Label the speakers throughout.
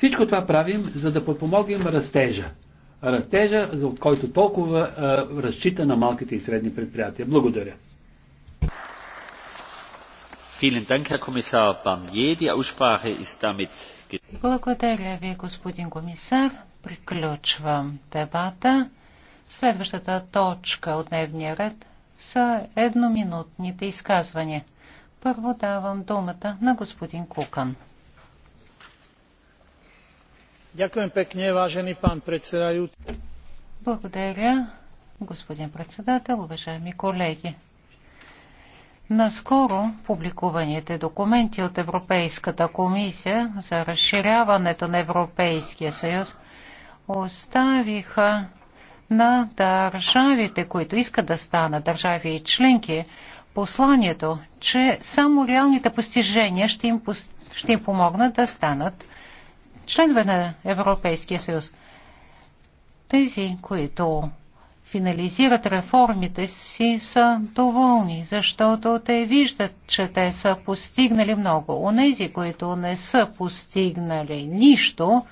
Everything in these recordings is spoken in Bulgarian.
Speaker 1: Всичко това правим, за да подпомогнем растежа. Растежа, от който толкова а, разчита на малките и средни предприятия. Благодаря.
Speaker 2: Благодаря ви, господин комисар. Приключвам дебата. Следващата точка от дневния ред са едноминутните изказвания. Първо давам думата на господин Кукан. Благодаря, господин председател, уважаеми колеги. Наскоро публикуваните документи от Европейската комисия за разширяването на Европейския съюз оставиха на държавите, които искат да станат държави и членки, посланието, че само реалните постижения ще им, ще им помогнат да станат членове на Европейския съюз. Тези, които финализират реформите си, са доволни, защото те виждат, че те са постигнали много. Онези, които не са постигнали нищо,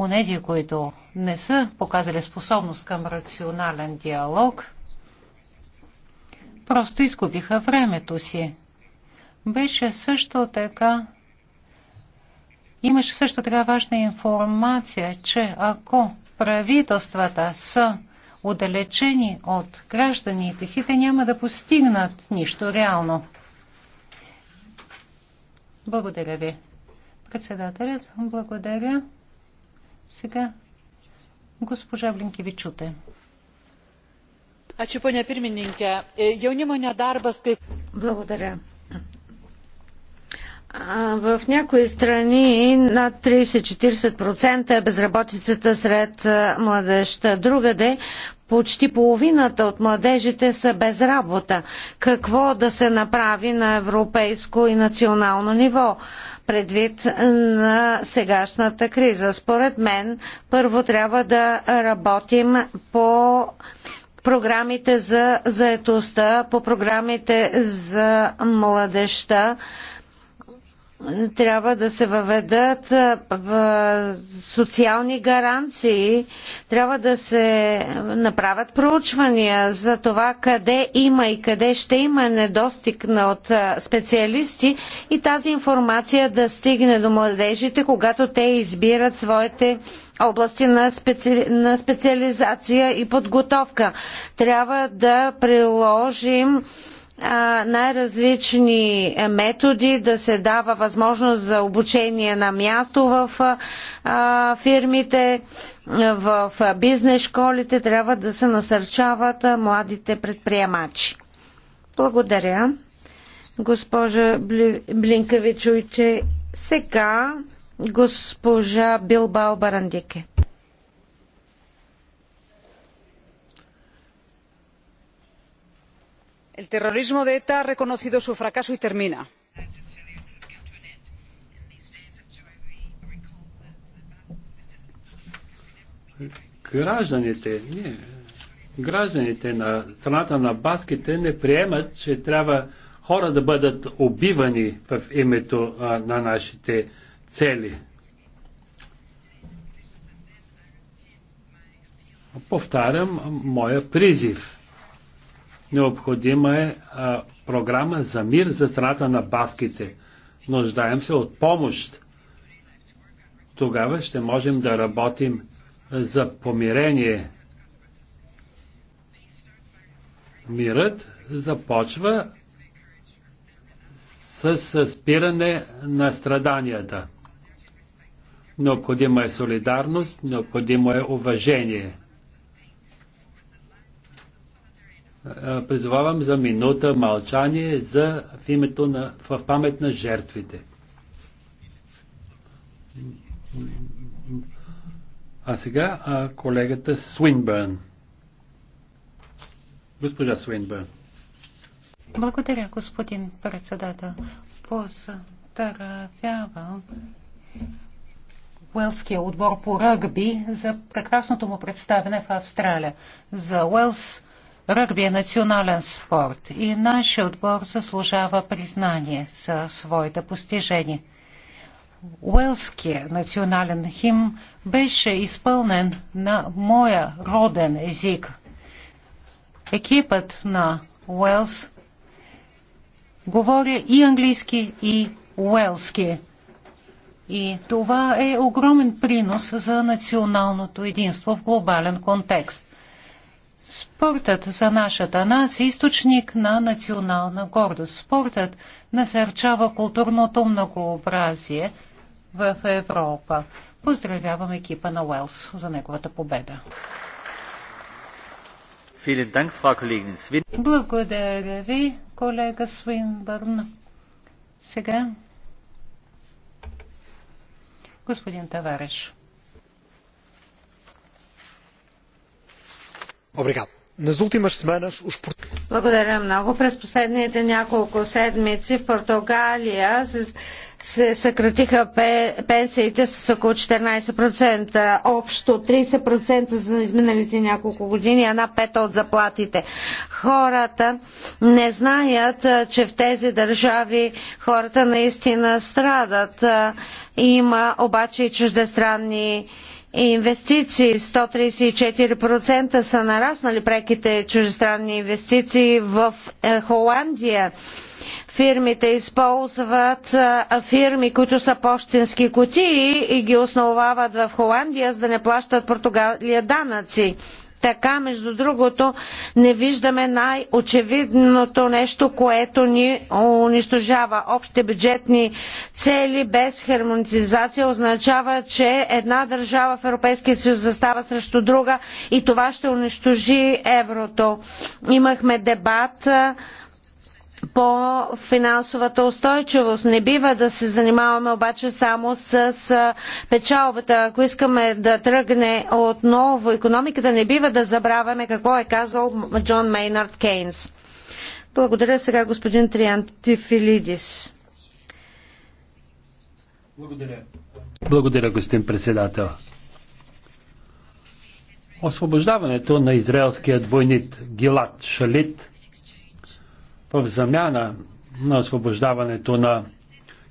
Speaker 2: нези, които не са показали способност към рационален диалог, просто изгубиха времето си. Беше също така Имаше също така важна информация, че ако правителствата са отдалечени от гражданите си, те няма да постигнат нищо реално. Благодаря ви. Председателят, благодаря. Сега госпожа Блинкевичуте.
Speaker 3: Е, благодаря. В някои страни над 30-40% е безработицата сред младежта. Другаде почти половината от младежите са без работа. Какво да се направи на европейско и национално ниво? предвид на сегашната криза. Според мен, първо трябва да работим по програмите за заетостта, по програмите за младеща, трябва да се въведат социални гаранции, трябва да се направят проучвания за това къде има и къде ще има недостиг от специалисти и тази информация да стигне до младежите, когато те избират своите области на, специ... на специализация и подготовка. Трябва да приложим най-различни методи, да се дава възможност за обучение на място в фирмите, в бизнес школите, трябва да се насърчават младите предприемачи. Благодаря, госпожа Блинкавичуйте. Сега госпожа Билбао Барандике. el terrorismo de eta ha
Speaker 2: reconocido su fracaso y termina.
Speaker 1: Гражданите, на страната на баските не приемат, че трябва хора да бъдат убивани в името а, на нашите цели. Повтарям моя призив. Необходима е а, програма за мир за страната на баските. Нуждаем се от помощ. Тогава ще можем да работим за помирение. Мирът започва с спиране на страданията. Необходима е солидарност, необходимо е уважение. Е, призовавам за минута мълчание за, в, името на, в памет на жертвите. А сега а, колегата Свинбърн. Госпожа Свинбърн.
Speaker 2: Благодаря, господин председател. Поздравявам Уелския отбор по ръгби за прекрасното му представяне в Австралия. За Уелс Ръгби е национален спорт и нашия отбор заслужава признание за своите постижения. Уелският национален хим беше изпълнен на моя роден език. Екипът на Уелс говори и английски, и уелски. И това е огромен принос за националното единство в глобален контекст. Спортът за нашата нация е източник на национална гордост. Спортът насърчава културното многообразие в Европа. Поздравявам екипа на Уелс за неговата победа. Благодаря ви, колега Свинбърн. Сега
Speaker 3: господин Товарищ. Благодаря много. През последните няколко седмици в Португалия се съкратиха пенсиите с около 14%, общо 30% за изминалите няколко години, една пета от заплатите. Хората не знаят, че в тези държави хората наистина страдат. Има обаче и чуждестранни инвестиции. 134% са нараснали преките чужестранни инвестиции в е, Холандия. Фирмите използват е, фирми, които са почтенски кутии и ги основават в Холандия, за да не плащат Португалия данъци така, между другото, не виждаме най-очевидното нещо, което ни унищожава. Общите бюджетни цели без хармонизация означава, че една държава в Европейския съюз застава срещу друга и това ще унищожи еврото. Имахме дебат по финансовата устойчивост. Не бива да се занимаваме обаче само с печалбата. Ако искаме да тръгне отново економиката, не бива да забравяме какво е казал Джон Мейнард Кейнс. Благодаря сега господин
Speaker 1: Триантифилидис. Благодаря. Благодаря, господин председател. Освобождаването на израелския двойник Гилат Шалит в замяна на освобождаването на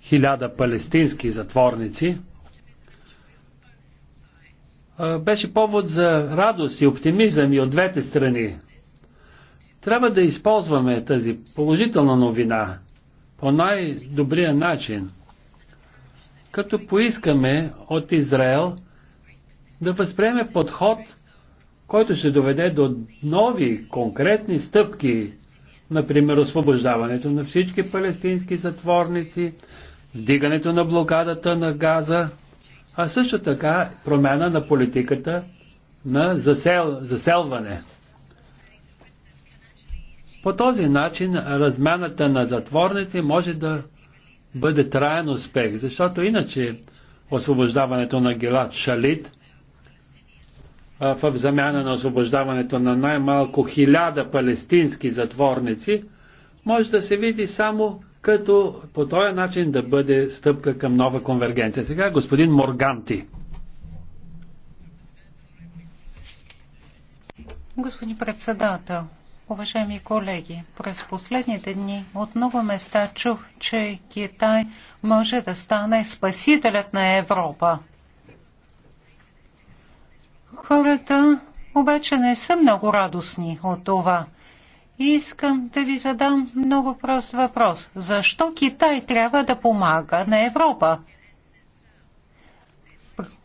Speaker 1: хиляда палестински затворници, беше повод за радост и оптимизъм и от двете страни. Трябва да използваме тази положителна новина по най-добрия начин, като поискаме от Израел да възприеме подход, който ще доведе до нови конкретни стъпки Например, освобождаването на всички палестински затворници, вдигането на блокадата на газа, а също така промяна на политиката на засел, заселване. По този начин размяната на затворници може да бъде траен успех, защото иначе освобождаването на Гелат Шалит – в замяна на освобождаването на най-малко хиляда палестински затворници, може да се види само като по този начин да бъде стъпка към нова конвергенция. Сега господин Морганти.
Speaker 2: Господин председател, уважаеми колеги, през последните дни от много места чух, че Китай може да стане спасителят на Европа. Хората обаче не са много радостни от това. Искам да ви задам много прост въпрос. Защо Китай трябва да помага на Европа?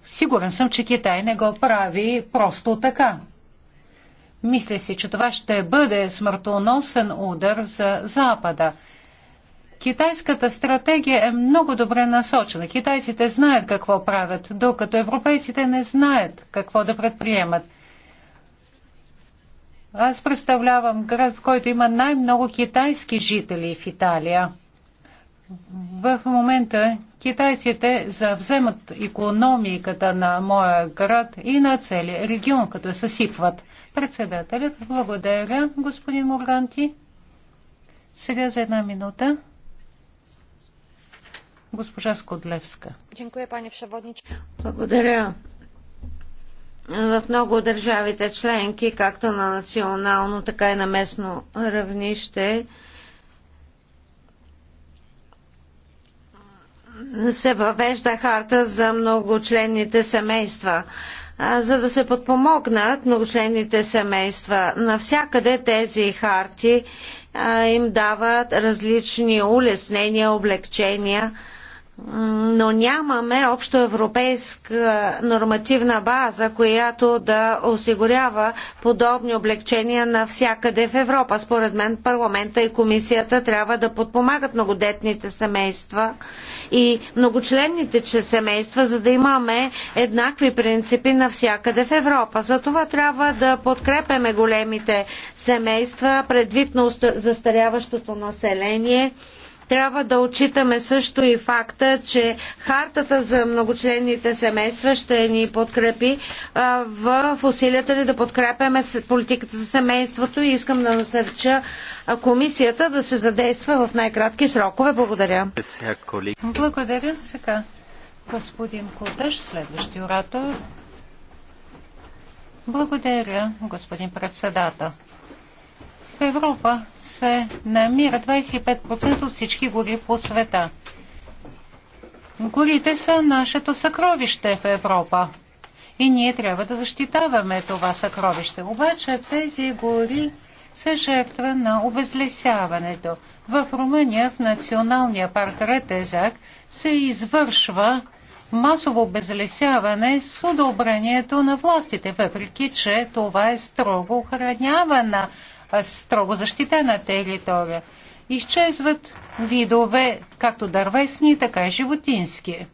Speaker 2: Сигурен съм, че Китай не го прави просто така. Мисля си, че това ще бъде смъртоносен удар за Запада – Китайската стратегия е много добре насочена. Китайците знаят какво правят, докато европейците не знаят какво да предприемат. Аз представлявам град, в който има най-много китайски жители в Италия. В момента китайците завземат економиката на моя град и на целия регион, като съсипват. Председателят, благодаря, господин Морганти. Сега за една минута.
Speaker 3: Госпожа Скодлевска. Благодаря. В много държавите членки, както на национално, така и на местно равнище, се въвежда харта за многочленните семейства. За да се подпомогнат многочленните семейства, навсякъде тези харти им дават различни улеснения, облегчения но нямаме общо европейска нормативна база, която да осигурява подобни облегчения навсякъде в Европа. Според мен парламента и комисията трябва да подпомагат многодетните семейства и многочленните че семейства, за да имаме еднакви принципи навсякъде в Европа. За това трябва да подкрепяме големите семейства предвид на застаряващото население трябва да отчитаме също и факта, че хартата за многочленните семейства ще ни подкрепи в усилията ни да подкрепяме политиката за семейството и искам да насърча комисията да се задейства в най-кратки срокове. Благодаря. Благодаря. Сега господин
Speaker 2: Кутеш, следващи оратор. Благодаря, господин председател. В Европа се намира 25% от всички гори по света. Горите са нашето съкровище в Европа. И ние трябва да защитаваме това съкровище. Обаче тези гори са жертва на обезлесяването. В Румъния, в националния парк Ретезак, се извършва масово обезлесяване с одобрението на властите, въпреки че това е строго охранявана е, строго защитена територия. Изчезват видове както дървесни, така и животински.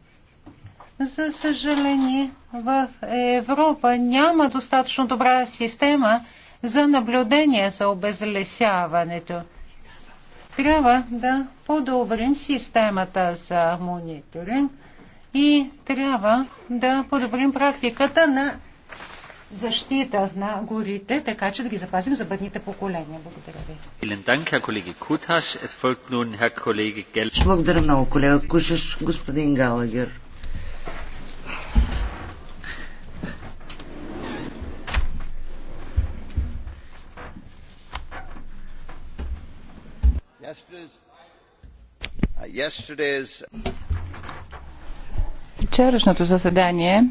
Speaker 2: За съжаление, в Европа няма достатъчно добра система за наблюдение за обезлесяването. Трябва да подобрим системата за мониторинг и трябва да подобрим практиката на защита на горите, така че да ги запазим за бъдните поколения.
Speaker 1: Благодаря ви.
Speaker 2: Благодаря много, колега Кушаш. Господин Галагер.
Speaker 4: Uh, Вчерашното заседание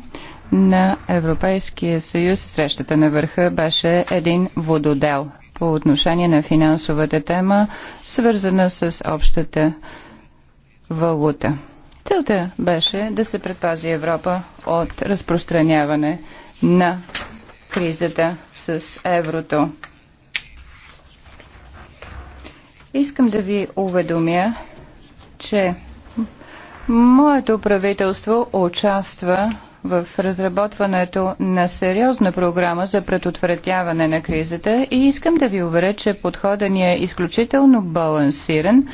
Speaker 4: на Европейския съюз срещата на върха беше един вододел по отношение на финансовата тема, свързана с общата валута. Целта беше да се предпази Европа от разпространяване на кризата с еврото. Искам да ви уведомя, че моето правителство участва в разработването на сериозна програма за предотвратяване на кризата и искам да ви уверя, че подходът ни е изключително балансиран,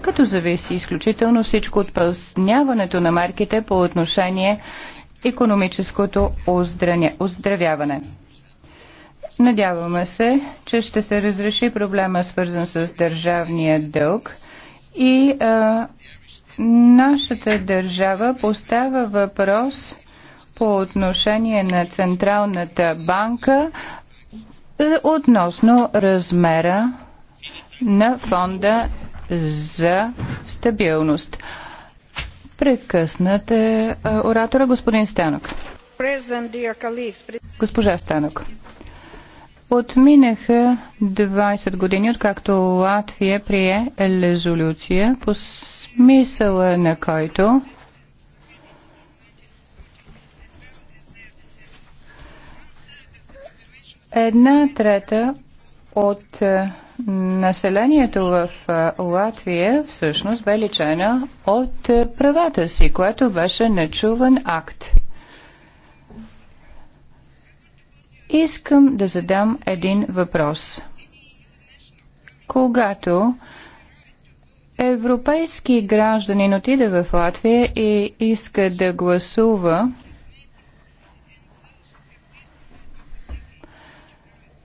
Speaker 4: като зависи изключително всичко от пълсняването на марките по отношение економическото оздравяване. Надяваме се, че ще се разреши проблема свързан с държавния дълг и а, нашата държава поставя въпрос по отношение на Централната банка е относно размера на фонда за стабилност. Прекъснат е, е оратора господин Станок. Госпожа Станок. Отминаха 20 години, откакто Латвия прие резолюция, по смисъла на който Една трета от е, населението в е, Латвия всъщност бе лечена от е, правата си, което беше нечуван акт. Искам да задам един въпрос. Когато европейски гражданин отиде в Латвия и иска да гласува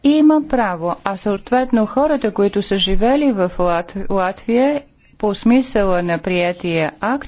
Speaker 4: има право, а съответно хората, които са живели в Латвия по смисъла на приятия акт,